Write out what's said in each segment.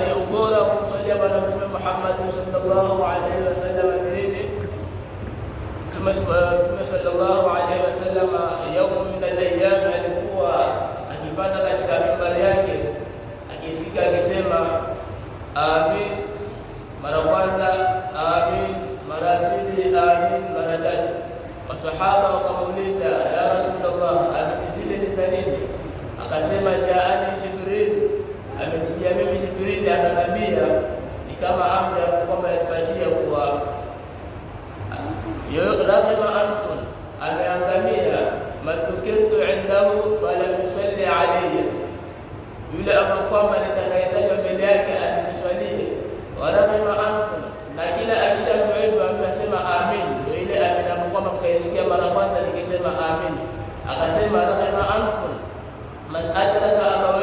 bali ubora wa kumsalia Bwana Mtume Muhammad sallallahu alaihi wasallam ni nini? Eh, Mtume sallallahu alaihi wasallam eh, yaumu min alayami alikuwa akipanda katika mimbari yake akisikika akisema amin mara kwanza, amin mara pili, amin mara tatu. Masahaba wakamuuliza ya Rasulullah, amin zile ni za nini? Akasema jaani Jibril ametujia mimi Jibrili akanambia, ni kama amri yangu kwamba yanipatia kuwa raghiba anfun ameangamia, madhukirtu indahu falam yusalli alayya, yule ama kwamba nitakayetajwa mbele yake asiniswalie. Waraghiba anfun na kila akishamuiva akasema amin, ndio ile amin ambayo kwamba mkaisikia mara kwanza nikisema amin, akasema raghiba anfun man adraka abawa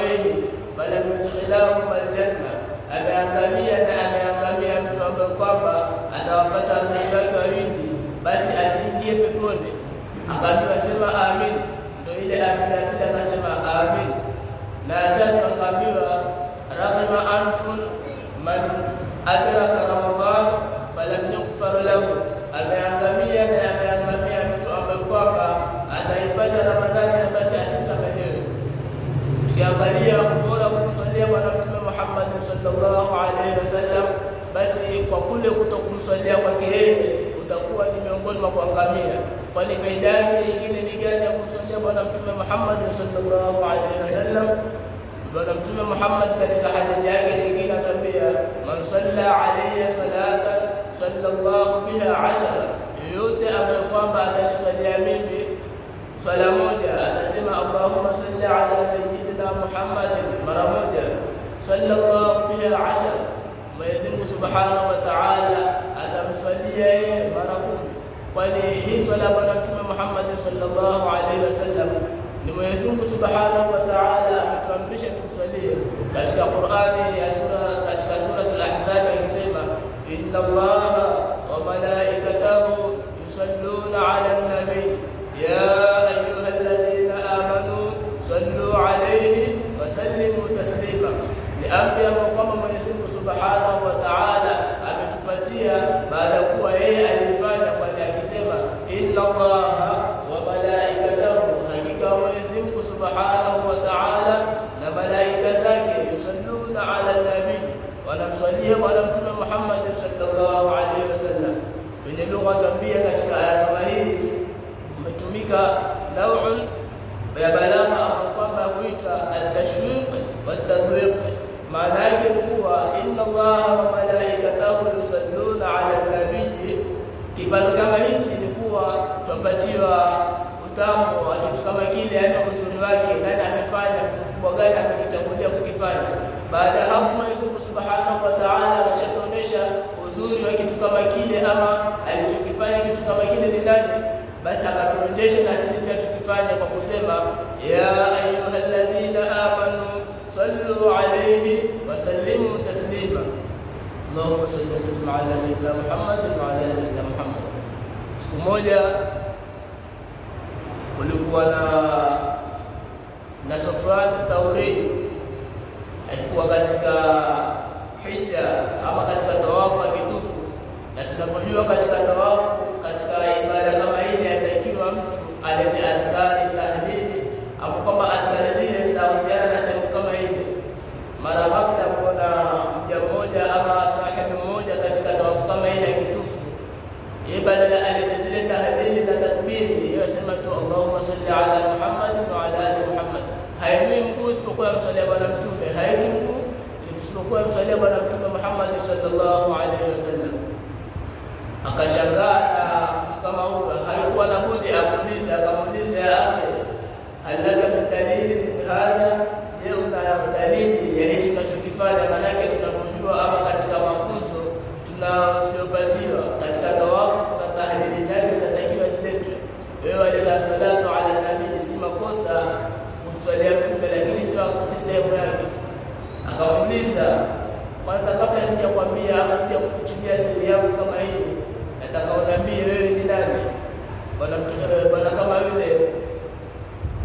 walam yudkhilahum aljanna, ameangamia na ameangamia mtu ambaye kwamba atawapata wazazi wake wawili, basi asiingie peponi. Akaambiwa sema amin, ndio ile amin ya pili, akasema amin. Na tatu akaambiwa raghima anfun man adraka Ramadhan falam yughfar lahu, ameangamia na ameangamia mtu ambaye kwamba ataipata Ramadhani na basi asisamehewe. Tukiangalia sallallahu alaihi wasallam, basi kwa kule kutokumswalia kwake yeye utakuwa ni miongoni mwa kuangamia. Kwani faida yake nyingine ni gani ya kumswalia Bwana Mtume Muhammad sallallahu alaihi wasallam? Bwana Mtume Muhammad katika hadithi yake nyingine atambia, man salla alayya salatan sallallahu biha ashara, yoyote ambaye kwamba ataniswalia mimi swala moja, anasema Allahumma salli ala sayyidina Muhammadin, mara moja صلى الله بها عشر ما يزن سبحانه وتعالى أدم صليه مركم ولهي صلى الله محمد صلى الله عليه وسلم لما يزن سبحانه وتعالى متوامرشة صليه قد القرآن يا سورة قد سورة الأحزاب يسمى إن الله وملائكته يصلون على النبي يا أيها الذين آمنوا صلوا عليه amri ambayo kwamba Mwenyezi Mungu Subhanahu wa Ta'ala ametupatia baada ya kuwa yeye alifanya, kwani akisema inna Allaha wa malaikatahu, hakika Mwenyezi Mungu Subhanahu wa Ta'ala na malaika zake yusalluna ala nabii, wanamswalia bwana Mtume Muhammad sallallahu alaihi wasallam. Kwenye lugha tambia katika aya kama hii umetumika nauu ya balagha kwamba kuita atashwiq wa tadhwiq maana yake kuwa inna Allaha wa malaikatahu yusalluna ala nabii. Kipande kama hichi ni kuwa tupatiwa utamu wa kitu kama kile, yaani uzuri wake, nani amefanya mtu mkubwa gani amekitangulia kukifanya. Baada ya hapo Mwenyezi Mungu subhanahu wa taala ashatuonesha uzuri wa kitu kama kile, ama alichokifanya kitu kama kile ni nani basi akatuonjesha na sisi pia tukifanya kwa kusema ya ayuha alladhina amanu صلوا عليه وسلموا تسليما اللهم صل وسلم على سيدنا محمد وعلى سيدنا محمد siku moja kulikuwa na na Sufyan Thauri alikuwa katika hija ama katika tawafu akitufu, na tunapojua katika tawafu, katika ibada kama ile, anatakiwa mtu alete adhkari alikuwa msalia Bwana Mtume Muhammad sallallahu alaihi wasallam. Akashangaa kama huyo, haikuwa na budi amuulize, akamuuliza ya alaka mtalili min dalili min hadha, je, una dalili ya hichi tunachokifanya? Maanake tunavyojua ama katika mafunzo tuliopatiwa katika tawafu na tahlili zake zatakiwa ziletwe. Wewe aleta salatu ala nabii, si makosa kumswalia Mtume, lakini sio sehemu yake Akauliza, kwanza kabla sijakwambia ama sijakufichulia siri yangu kama hii, nataka uniambie wewe ni nani? Bwana mtume bwana kama yule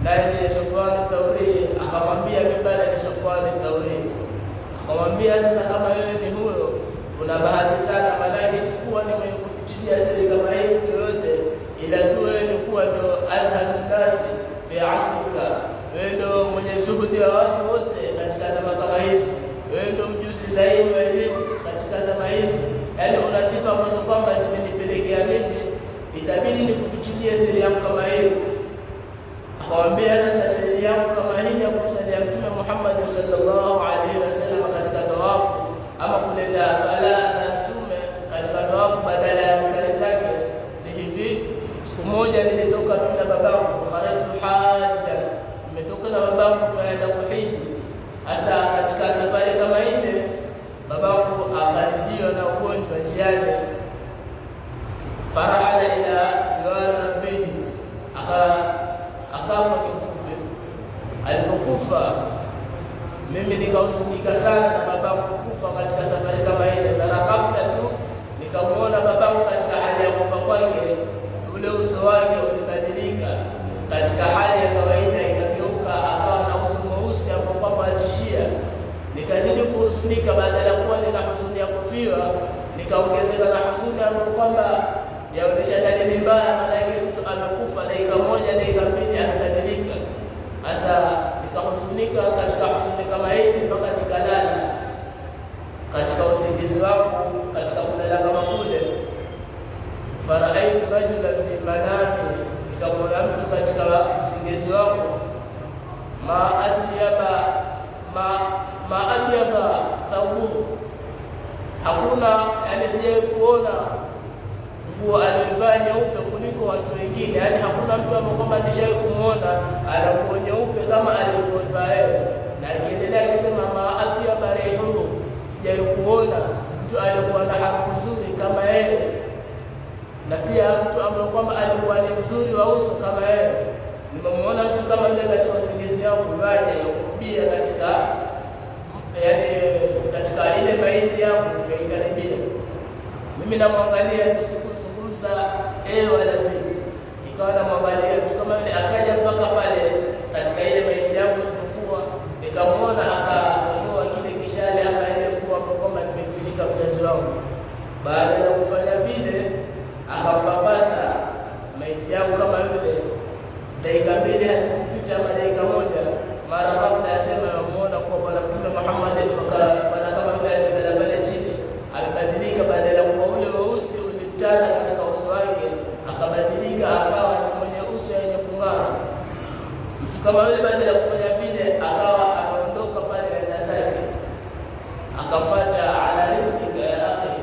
naye ni Sufyan Thauri, akamwambia mimi bwana ni Sufyan Thauri. Akamwambia sasa, kama wewe ni huyo, una bahati sana, maanake sikuwa ni mwenye kufichulia siri kama hii mtu yoyote, ila tu wewe ni kuwa ndo azharu nasi fi asrika, wewe ndo mwenye shuhudi wa watu wote katika zama kama hizi. Wewe ndio mjuzi zaidi wa elimu katika zama hizi, yaani una sifa ambazo kwamba zimenipelekea mimi itabidi nikufichilie siri yangu kama hii. Akamwambia sasa, siri yangu kama hii ya kumsalia Mtume Muhammad sallallahu alaihi wasallam katika tawafu ama kuleta sala za Mtume katika tawafu badala ya kale zake ni hivi. Siku moja nilitoka mimi na babangu, kharajtu haja, nimetoka na babangu tunaenda kuhiji Hasa katika safari kama ile babangu akasidiwa na ugonjwa njiani, farahala ila diwani rabbihi, akafa kifupi. Alipokufa mimi nikahuzunika sana na babangu kufa katika safari kama ile, na ghafla tu nikamuona babangu katika hali ya kufa kwake, ule uso wake ulibadilika katika hali nikazidi kuhuzunika, baada ya kuwa nina huzuni ya kufiwa, nikaongezeka na huzuni ya kwamba yaonesha dalili mbaya, maana yake mtu amekufa dakika moja, dakika mbili, anabadilika. Sasa nikahuzunika katika huzuni kama hivi mpaka nikalala katika usingizi wangu, katika kulala kama kule, faraaitu rajulan fi manami, nikamwona mtu katika usingizi wangu ma atyaba ma maajaba thawbuhu, hakuna yani, sijawahi kuona nguo aliyovaa nyeupe kuliko watu wengine, yani hakuna mtu ambaye kwamba alishawahi kumwona ana nguo nyeupe kama alivyovaa yeye. Na akiendelea akisema maajaba rihuhu, sijawahi kuona mtu aliyekuwa na harufu nzuri kama yeye, na pia mtu ambaye kwamba alikuwa ni mzuri wa uso kama yeye. Nimemwona mtu kama yule katika usingizi wangu, waje ya katika yaani katika ile maiti yangu nimeikaribia mimi, namwangalia nikizungumza, ee wala mimi nikawa namwangalia mtu kama yule, akaja mpaka pale katika ile maiti yangu nilipokuwa, nikamwona akaondoa kile kishale ama ile nguo ambayo kwamba nimefunika mzazi wangu. Baada ya kufanya vile, akampapasa maiti yangu kama yule, dakika mbili hazikupita ama dakika moja, mara ghafla yasema yamuona kuwa bwana Muhammad wanasema yule aliyelala pale chini alibadilika, baada ya kuwa ule weusi ulitana katika uso wake akabadilika akawa mwenye uso yenye kung'aa. Mtu kama yule badala ya kufanya vile akawa ameondoka pale na zake, akamfuata ala riziki ya akhi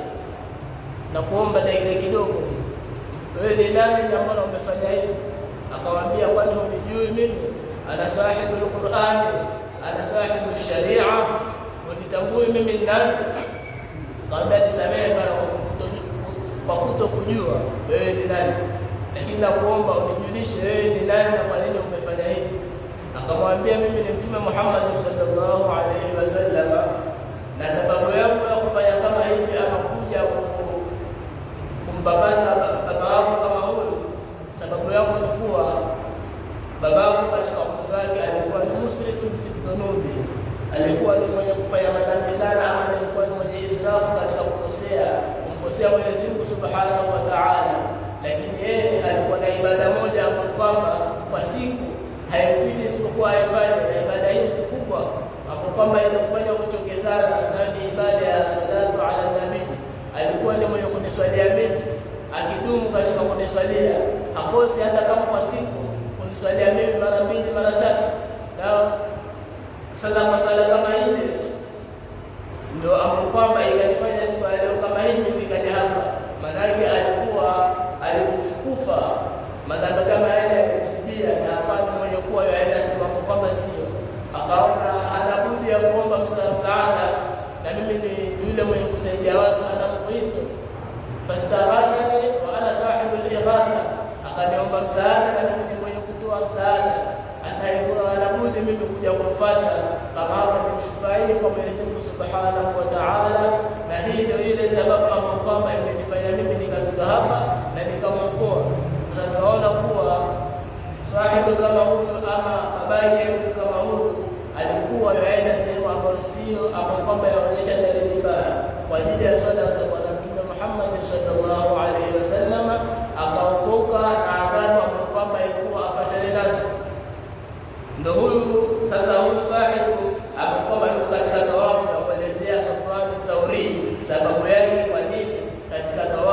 na kuomba dakika kidogo, wewe ni nani na mbona umefanya hivi? Akamwambia, kwani hujui mimi ana sahibul Qur'ani ana sahibu sharia, unitambui mimi ni nani? Kaambia nisamehe Bwana kwa kuto kujua wewe ni nani, lakini nakuomba unijulishe wewe ni nani na kwa nini umefanya hivi. Akamwambia mimi ni Mtume Muhammad sallallahu alaihi wasallam na sababu ya madhambi kama yale yakimsidia na akawa ni mwenye kuwa yaenda simapo kwamba sio, akaona hana budi ya kuomba msaada, na mimi ni yule mwenye kusaidia watu, ana mudhifu fastaghafani wa ana sahibu lighatha, akaniomba msaada na mimi ni mwenye kutoa msaada. Sasa hana budi mimi kuja kumfuata kama hapa ni mshufai kwa Mwenyezi Mungu subhanahu wa taala, na hii ndio ile sababu ambayo kwamba imenifanya mimi nikafika hapa na nikamwokoa utaona kuwa sahibu kama huyu ama babake mtu kama huyu alikuwa ameenda sehemu ambayo sio ama kwamba yaonyesha dalili mbaya kwa ajili ya swala za Bwana Mtume Muhammad sallallahu alaihi wasallam, akaokoka na adhabu ambayo kwamba ilikuwa apatane nazo. Ndio huyu sasa, huyu sahibu amekuwa bado katika tawafu ya kuelezea Sufyan Thauri sababu yake kwa nini katika tawafu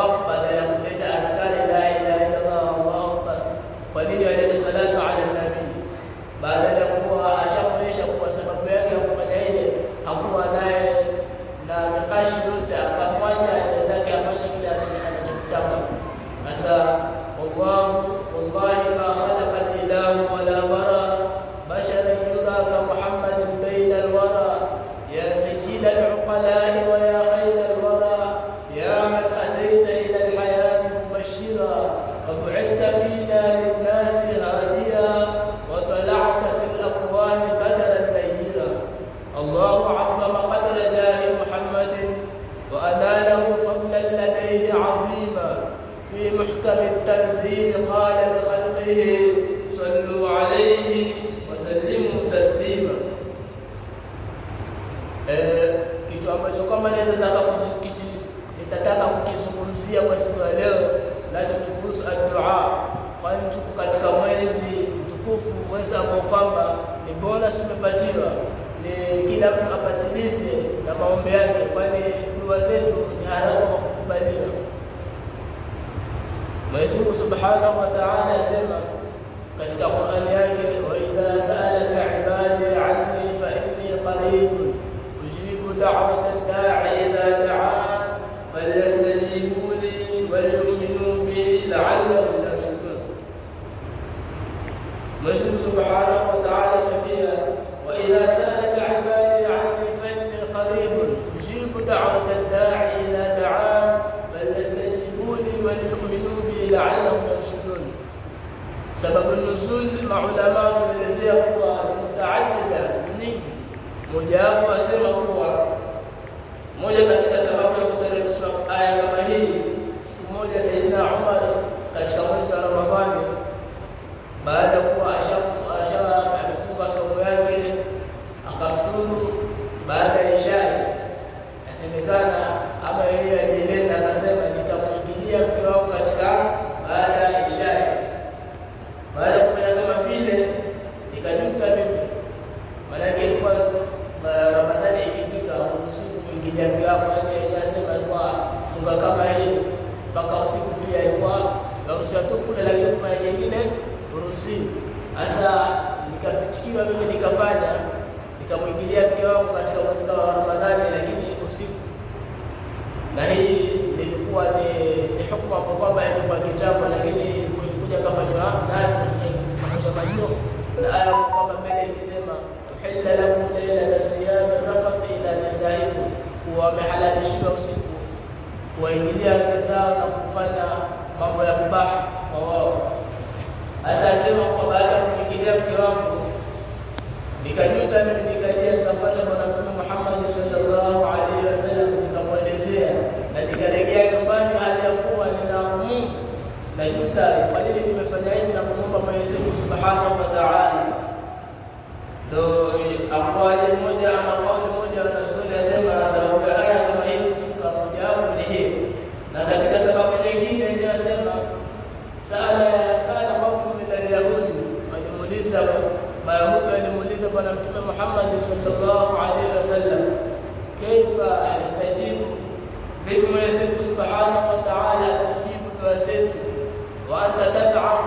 eh, kitu ambacho kama nitataka kuzikichi nitataka kukizungumzia kwa siku ya leo nacho kuhusu addu'a, kwani tuko katika mwezi mtukufu, mwezi ambao kwamba ni bonus tumepatiwa, ni kila mtu apatilize na maombi yake, kwani dua zetu ni haramu kwa kukubaliwa. Mwenyezi Mungu Subhanahu wa Ta'ala asema katika Qur'ani yake, wa idha sa'alaka ibadi anni fa inni qareeb دعوة الداع إذا دعان فليستجيبوا لي وليؤمنوا بي لعلهم يرشدون مسلم سبحانه وتعالى جميعا وإذا سألك عبادي عني فإني قريب أجيب دعوة الداع إذا دعان فليستجيبوا لي وليؤمنوا بي لعلهم يرشدون سبب النزول مع علماء تونسية قوى متعددة مني مجاب وسيرة قوى Moja katika sababu ya kuteremshwa aya kama hii, siku moja Saidina Umar katika mwezi wa Ramadhani, baada ya kuwa ashaa amefunga saumu yake, akafuturu baada ya ishai, asemekana mtume, lakini kufanya chengine urusi. Sasa nikapitikiwa mimi nikafanya, nikamwingilia mke wangu katika mwezi wa Ramadhani, lakini usiku. Na hii ilikuwa ni hukumu ambayo kwamba ilikuwa kitambo, lakini ilikuja kafanywa nasi kafanywa mashehe na aya kwamba mbele ikisema uhilla lakum laylata siyami rafath ila nisaikum, kuwa wamehalalishiwa usiku kuwaingilia wake zao na kufanya mambo ya kubaha kwa wao. Hasa asema kwa baada ya kumwingilia mke wangu, nikajuta mimi, nikalia nikafuata Bwana Mtume Muhammad sallallahu alaihi wasallam, nikamwelezea na nikaregea nyumbani, hali ya kuwa nina najuta kwa nini nimefanya hivi na kumwomba Mwenyezi Mungu subhanahu wa taala. Ndo akwali moja ama kauli moja, Rasuli asema sababu مكلمتم محمد صلى الله عليه وسلم كيف استجيب بكم يسلم سبحانه وتعالى تجيب الواسطه وانت تزعم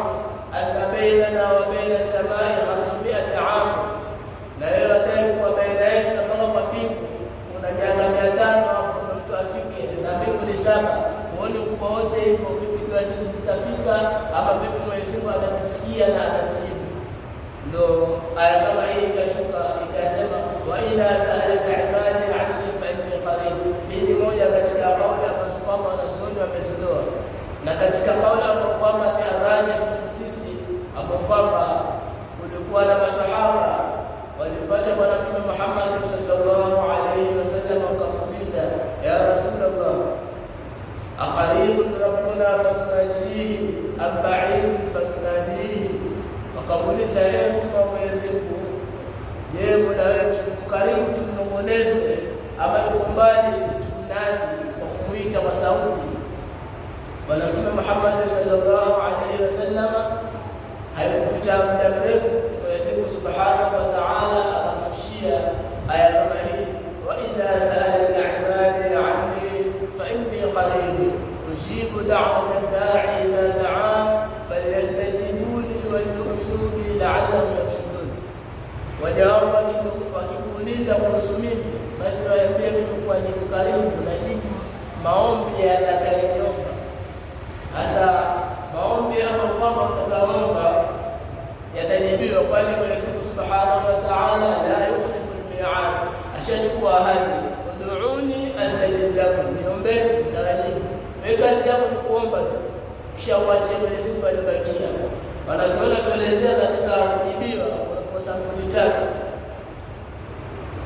ان بيننا وبين السماء 500 عام لا يرى وبين يدنا طلب فيك هنا جاءت 200 وكنت افك ان بيك لسماء وولي كبوتي فوقك تستفيد اما بكم ما يسلم على تسكيه تجيب ndo aya kama hii ikashuka ikasema, wa idha saalaka ibadi anni fa inni qarib. Hii ni moja katika kauli ambazo kwamba wanazuoni wamezitoa, na katika kauli ambao kwamba ni araja sisi ambao kwamba kulikuwa na masahaba walimfuata Bwana Mtume Muhammad sallallahu alaihi wasallam, wakamuuliza ya Rasulullah, aqaribun rabbuna fanunajihi am baidun fanunadihi wakamuuliza yeye mtume wa Mwenyezi Mungu, je, mola wetu mkarimu tumnong'oneze ama yuko mbali tumnadi kwa kumuita kwa sauti? Bwana Mtume Muhammad sallallahu alaihi wasallam haikupita muda mrefu, Mwenyezi Mungu subhanahu wa ta'ala akamshushia aya kama hii, wa idha saalaka ibadi anni fa inni qarib ujibu da'wata da'i idha da'an alamu yashkurun. Waja wao wakikuuliza kuhusu mimi, basi waambie nimekuwa niko karibu, najibu maombi yatakayoniomba. Hasa maombi ama kwamba mtakaomba yatajibiwa, kwani Mwenyezi Mungu subhanahu wa taala la yukhlifu lmiad, ashachukua ahadi. Uduuni astajib lakum, niombeni nitawajibu. kazi yako ni kuomba tu, kisha uache Mwenyezi Mungu alibakia Wanazuoni tuelezea katika kujibiwa kwa sampuli tatu.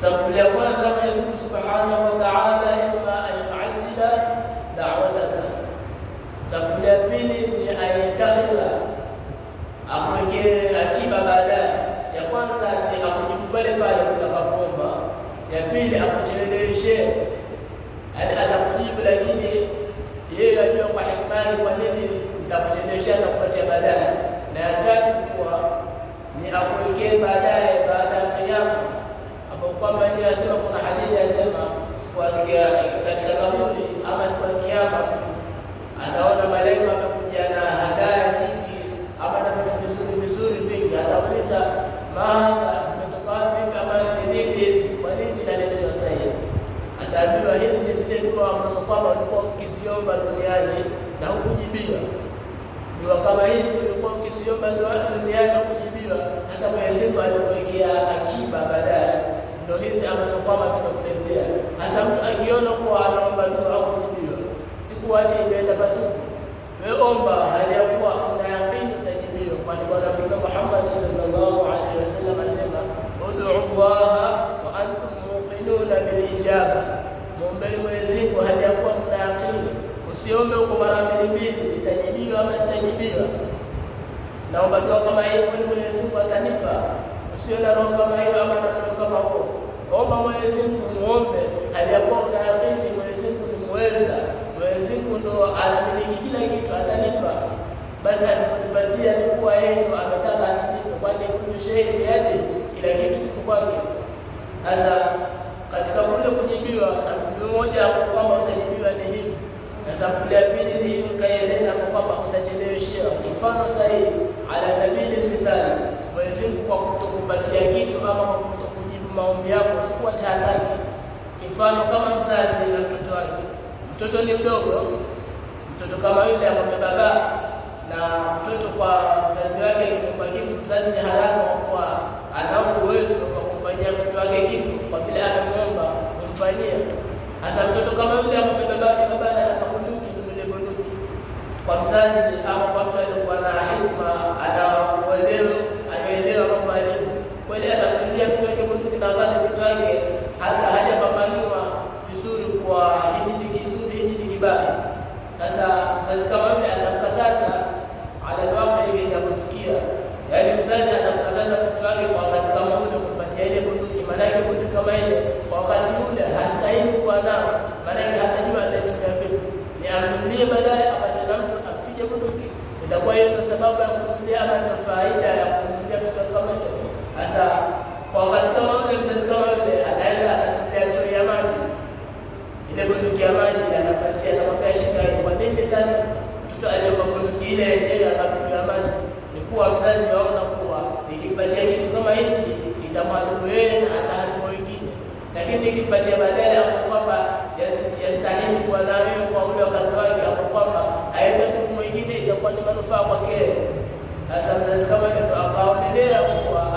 Sampuli ya kwanza, Mwenyezi Mungu Subhanahu wa Ta'ala, imma an yu'ajjila da'wataka. Sampuli ya pili ni ayatakhira, akuweke akiba baadaye. Ya kwanza ni akujibu pale pale utakapoomba, ya pili akucheleweshe, yaani atakujibu lakini yeye ajua kwa hikma, kwa nini nitakuchelewesha, nitakupatia baadaye na ya tatu kuwa ni akuekee baadaye baada ya kiyama, ambapo kwamba yeye asema, kuna hadithi yasema siku ya katika kaburi ama siku ya kiyama mtu ataona malaika amekuja na hadaya nyingi ama na vitu vizuri vizuri vingi, atauliza maana umetoka wapi? Kama ni nini hizi, kwa nini naletewa sasa Ataambiwa hizi ni zile dua ambazo kwamba ulikuwa ukiziomba duniani na hukujibiwa dua kama hizi ulikuwa ukisiomba duniani na kujibiwa. hasa Mwenyezi Mungu alikuwekea akiba baadaye, ndio hizi ambazo kwamba tunakuletea. Sasa mtu akiona kuwa anaomba dua au kujibiwa, siku wati imeenda patupu. Wewe omba hali ya kuwa una yakini utajibiwa, kwani Bwana Mtume Muhammad sallallahu alaihi wasallam asema, ud'u Allah wa antum muqinuna bil ijaba, muombeni Mwenyezi Mungu hali ya Usiombe huko mara mbili mbili, nitajibiwa ama sitajibiwa. Naomba dua kama hiyo, kwani Mwenyezi Mungu atanipa. Usiwe na roho kama hiyo ama na roho kama huo. Omba Mwenyezi Mungu, muombe hali ya kuwa unaamini Mwenyezi Mungu ni muweza. Mwenyezi Mungu ndo anamiliki kila kitu, atanipa. Basi asiponipatia ni kwa yeye ndo ametaka asinipe, kwani kuna shehe yake, kila kitu kiko kwake. Sasa katika kule kujibiwa, sababu mmoja kwamba utajibiwa ni hii sababu ya pili ni hiyo nikaeleza kwamba utacheleweshewa. Mfano sahihi, ala sabili mithali, Mwenyezi Mungu kwa kutokupatia kitu ama kwa kutokujibu maombi yako usikuwa tahadhari. Mfano kama mzazi na mtoto wake, mtoto ni mdogo, mtoto kama yule ambaye baba na mtoto kwa mzazi wake kimpa kitu, mzazi ni haraka kwa anao uwezo wa kumfanyia mtoto wake kitu kwa vile anamwomba kumfanyia. Hasa mtoto kama yule ambaye baba baba kwa mzazi ama kwa mtu aliyekuwa na hikma, anaelewa anaelewa mambo alifu kweli, atakuambia mtoto wake mtu kinawazana mtoto wake hata hajapambaniwa vizuri kwa hichi ni kizuri, hichi ni kibaya. Sasa mzazi kama yule atamkataza alalwaka ile inavyotukia, yaani mzazi atamkataza mtoto wake kwa wakati kama ule kumpatia ile bunduki, maanake bunduki kama ile kwa wakati ule hastahili kuwa nao, maanake hatajua ataitumia vipi, ni amnulie baadaye apate na mtu itakuwa hiyo ndio sababu ya kumjia ama ndio faida ya kumjia mtoto kama yule. Sasa kwa wakati kama yule mzazi kama yule ataenda atakuja ndoo ya maji ile bunduki ya maji na anapatia anamwambia shika hiyo. Kwa nini sasa mtoto aliyepa bunduki ile yeye akapiga maji? Ni kuwa mzazi waona kuwa nikimpatia kitu kama hichi itamharibu yeye na ataharibu wengine, lakini nikimpatia badala ya kwamba yastahili kuwa nayo kwa ule wakati wake, kwa kwamba haita nyingine itakuwa ni manufaa kwake. Sasa mzazi kama akaonelea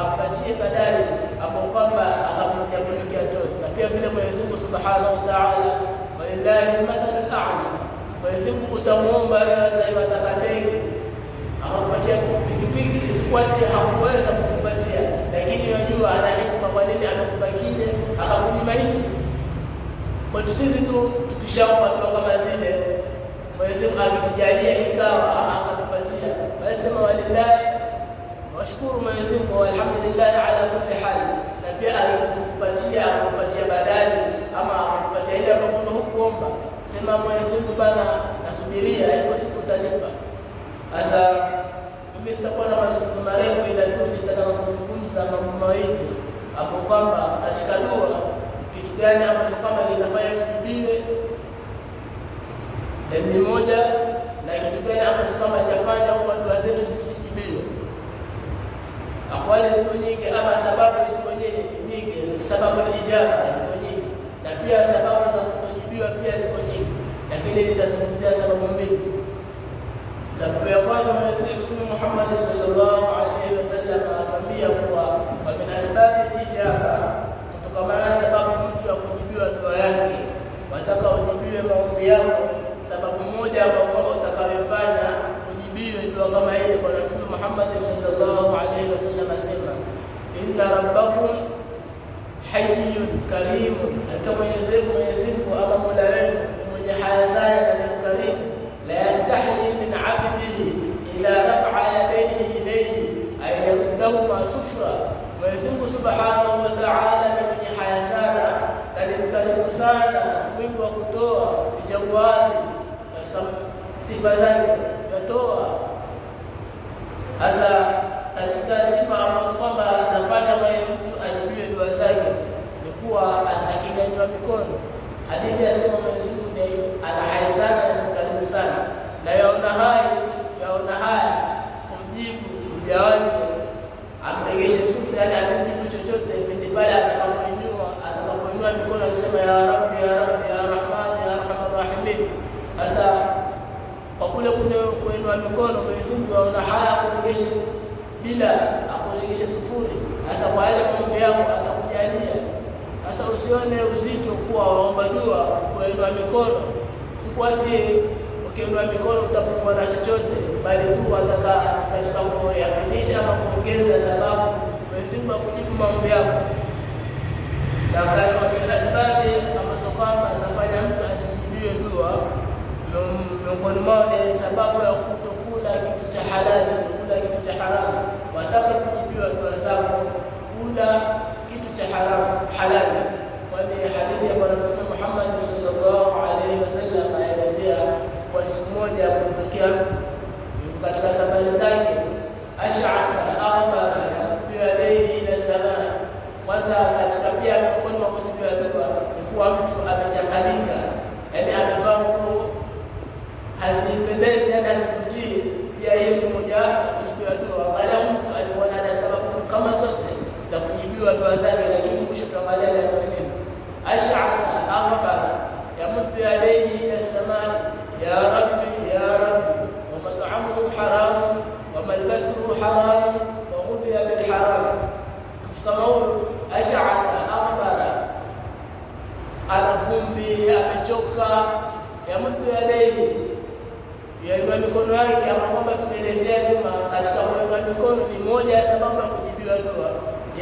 ampatie badali ambao kwamba akamjabulikia mtoto, na pia vile Mwenyezi Mungu subhanahu wa taala, walillahi lmathalu lala, Mwenyezi Mungu utamwomba saivi ataka ndege akakupatia pikipiki, isikwaje hakuweza kukupatia, lakini unajua ana hikma kwa nini amekupa kile akakunyima hichi. Kwetu sisi tu tukishaomba dua kama zile Mwenyezi Mungu akitujalia ikawa akatupatia, wasema walillahi washukuru Mwenyezi Mungu, alhamdulillah ala kulli hal. Na pia alikupatia akupatia badali ama akupatia ile ambayo hukuomba, sema Mwenyezi Mungu bana, nasubiria ipo siku talipa. Sasa mimi sitakuwa na mazungumzo marefu, ila tu nitataka kuzungumza mambo mawili hapo, kwamba katika dua kitu gani ambacho kama linafanya tujibiwe ni moja na kitu gani ambacho kama chafanya kwa dua zetu zisijibiwe. Akwali ziko nyingi, ama sababu ziko nyingi, sababu ni ijaba ziko nyingi, na pia sababu za kutojibiwa pia ziko nyingi, lakini nitazungumzia sababu mbili. Sababu ya kwanza, Mwenyezi Mungu Mtume Muhammad sallallahu alaihi wasallam anatuambia kuwa wa min asbabi ijaba, kutokana na sababu mtu ya kujibiwa dua yake, wataka ujibiwe maombi yako sababu moja ambayo kwamba utakayofanya ujibiwe dua kama ile Bwana Mtume Muhammad sallallahu alaihi wasallam asema, inna rabbakum hayyun karimun, hakika Mwenyezi Mungu Mwenyezi Mungu ama Mola wenu mwenye haya sana na mkarimu, la yastahli min abdihi idha rafa'a yadayhi ilayhi ay sufra. Mwenyezi Mungu subhanahu wa ta'ala ni mwenye haya sana na mkarimu sana, mwingi wa kutoa, ni katika sifa zake yatoa hasa katika sifa ambazo kwamba zafanya mwenye mtu ajibiwe dua zake ni kuwa akinyanyua mikono. Hadithi yasema Mwenyezi Mungu ndiye anahaya sana kuinua mikono Mwenyezi Mungu aona haya akuregeshe bila akuregeshe sufuri. Sasa kwa yale mambo yako atakujalia. Sasa usione uzito kuwa waomba dua kuinua mikono, sikuati ukiinua mikono utapungua na chochote, bali tu ataka katika kuyakinisha ama kuongeza sababu Mwenyezi Mungu akujibu maombi yako na kama sababu ambazo kwamba zafanya mtu asijibiwe dua miongoni mwao ni sababu ya kutokula kitu cha halali, kula kitu cha haramu. Wataka kujibiwa kwa sababu kula kitu cha haramu halali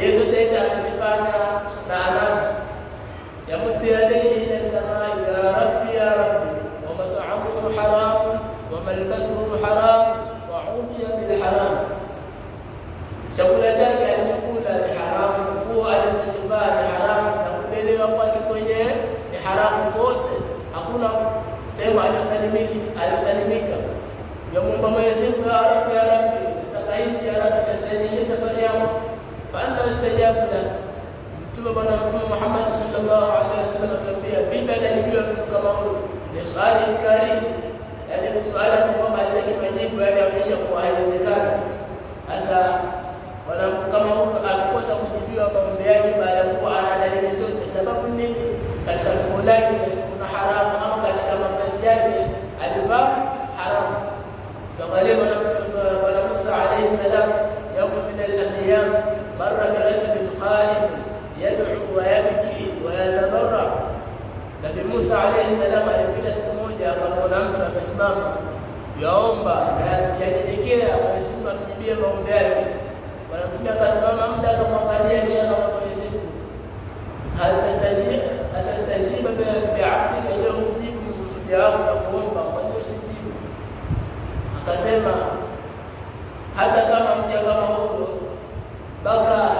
Yesu taysa amezifanya na anasa yamuddu yadayhi ila samai ya rabbi ya rabbi wa mat'amuhu haram wa malbasuhu haram wa udhiya bil haram chakula chake alichokula ni haramu kuwa alizozivaa ni haramu na kulelewa kwake kwenye ni haramu kote hakuna sehemu alisalimiki alisalimika yamwomba mwenyezi mungu ya rabbi ya rabbi nataka hichi ya rabbi nisaidishie safari yangu فأنه استجاب له تبا محمد صلى الله عليه وسلم تربية في بعد أن يجوا بتوكا مولو لسؤال الكريم يعني لسؤال أبو قال لك ما وأنا أعيش أبو أهل الزكاة أسا ولا كما هو أبو سأبو تبيو أبو بياني ما لبو أنا دليل سوء السبب مني قد قد قولاني كنا حرام أو قد كما فسياني ألفا حرام تغلي ولا موسى عليه السلام مر برجل قائم يدعو ويبكي ويتضرع Nabii Musa alayhi salam alipita siku moja akamwona mtu amesimama yaomba na yanyenyekea Mwenyezi Mungu amjibie maombi yake. Bwana Mtume akasimama muda akamwangalia kisha akamwambia Mwenyezi Mungu, hal tastajib atastajib bi'abdika leo mjibu mja wako na kuomba kwa nini usimjibu? Akasema hata kama mja kama huo mpaka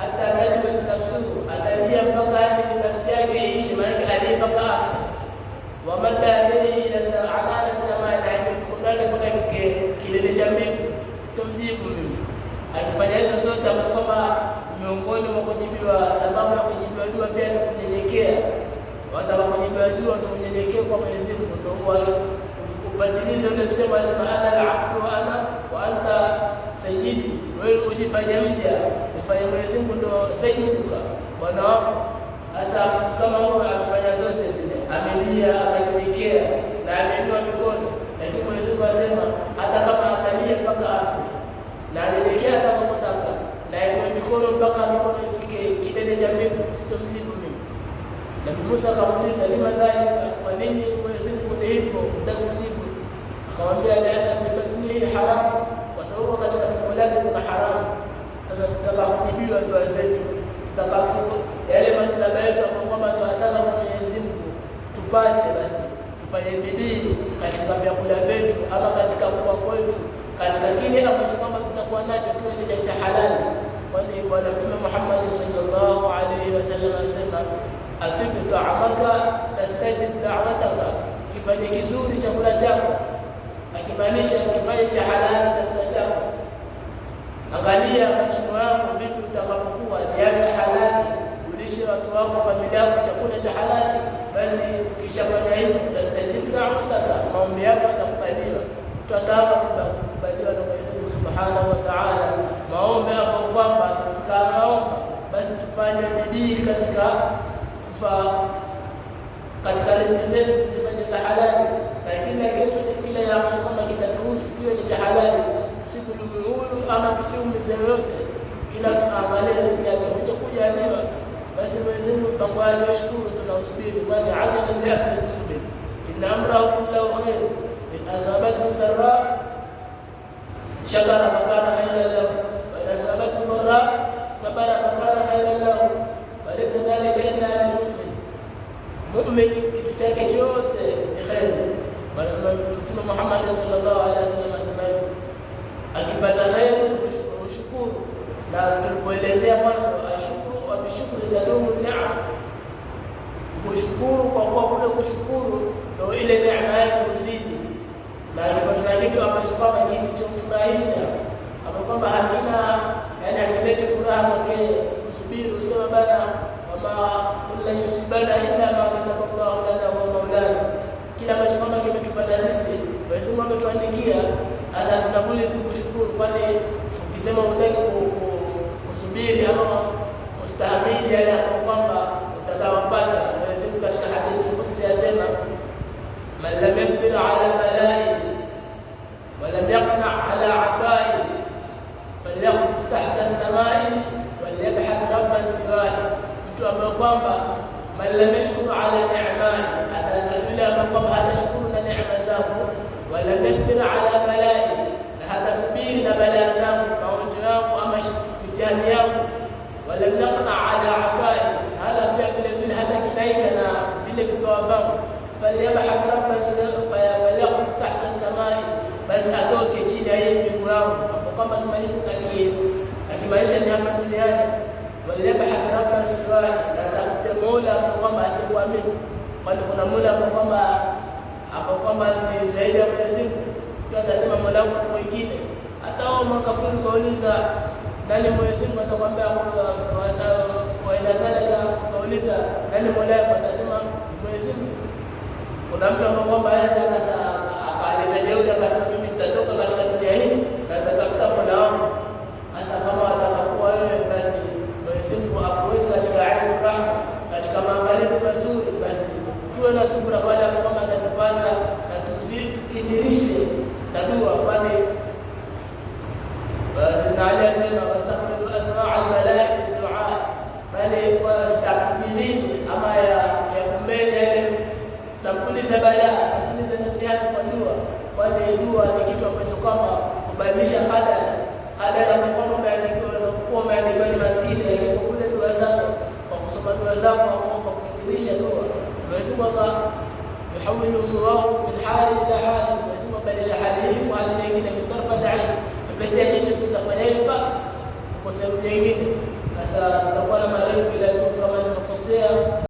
hata kalifat nafsuhu, atalia mpaka nafsi yake iishi, maanake alie mpaka afa. Wamata bihi ila alala samaa, na mpaka ifike kilele cha mbingu, sitomjibu mimi. Akifanya hizo zote, ambazo kwamba miongoni mwa kujibiwa, sababu ya kujibiwa dua pia ni kunyenyekea. Watu wanakujibiwa dua ni unyenyekea kwa Mwenyezi Mungu, ndio upatilize ule msemo, asema ana alabdu wa ana wa anta sayyidi wewe ujifanye mja, ufanye Mwenyezi Mungu ndo sayyiduka bwana wako. Sasa mtu kama huyo amefanya zote zile, amelia akanyenyekea na ameinua mikono, lakini Mwenyezi Mungu asema hata kama atalie mpaka afu na anyenyekea atakapotaka na inua mikono mpaka mikono ifike kilele cha mbingu, sitomjibu mimi. Nabii Musa akamuuliza lima dhalika, kwa nini Mwenyezi Mungu ni hivyo, utakumjibu? Akamwambia laana fi batnihi haramu sababu katika tumbo lake kuna haramu. Sasa tutakahubibiwa dua zetu, tutakatibu yale matunda yetu ambayo kwamba tunataka kwa Mwenyezi Mungu tupate, basi tufanye bidii katika vyakula vyetu ama katika kuwa kwetu, katika kile ambacho kwamba tutakuwa nacho kiwe ni cha halali, kwani Bwana Mtume Muhammad sallallahu alaihi wasallam anasema atibu taamaka tastajib dawataka, kifanye kizuri chakula chako akimaanisha kifanye cha halali chakula chako. Angalia machumo yako vipi, utakapokuwa jana halali, ulishe watu wako, familia yako chakula cha halali. Basi ukishafanya hivyo, utastajibu daawataka, maombi yako yatakubaliwa. Tuataka kukubaliwa na Mwenyezi Mungu subhanahu wa taala, maombi yako kwamba sanaomba, basi tufanye bidii katika kufa katika riziki zetu, tuzifanye za halali lakini lakini ile ya mtu kama kitatuhusu kiwe ni cha halali, tusikudumi huyu ama tusiumize yoyote, ila tunaangalia zinazokuja kujaliwa. Basi Mwenyezi Mungu mpango wake washukuru, tunausubiri, kwani ajaba liyahmed mumin inna amrahu kullahu khair in asabathu sarra shakara fakana khairan lahu wa in asabathu dharra sabara fakana khairan lahu walisa dhalika inna lilmumin mumin kusema kwamba man lam yashkuru ala ni'mai, yule ambaye hatashukuru na neema zangu, wala yasbir ala balai, na hatasubiri na balaa zangu, maonjo yangu ama mitihani yangu, wala yaqna ala atai, hala pia vile vile hata kinaika na vile vitoa vangu, falyabhath rabban falyakhruj tahta samai, basi atoke chini ya hii mbingu yangu, kwamba kimaanisha ni hapa duniani walibahathi rabbana siwa natafuta mola ambao kwamba asikuamini, kwani kuna mola ambao kwamba ambao kwamba ni zaidi ya Mwenyezi Mungu. Mtu atasema mola wangu mwingine, hata wao makafiri kauliza nani Mwenyezi Mungu, atakwambia waenda sadaka, kauliza nani mola yako, atasema Mwenyezi Mungu. Kuna mtu ambao kwamba yeye sasa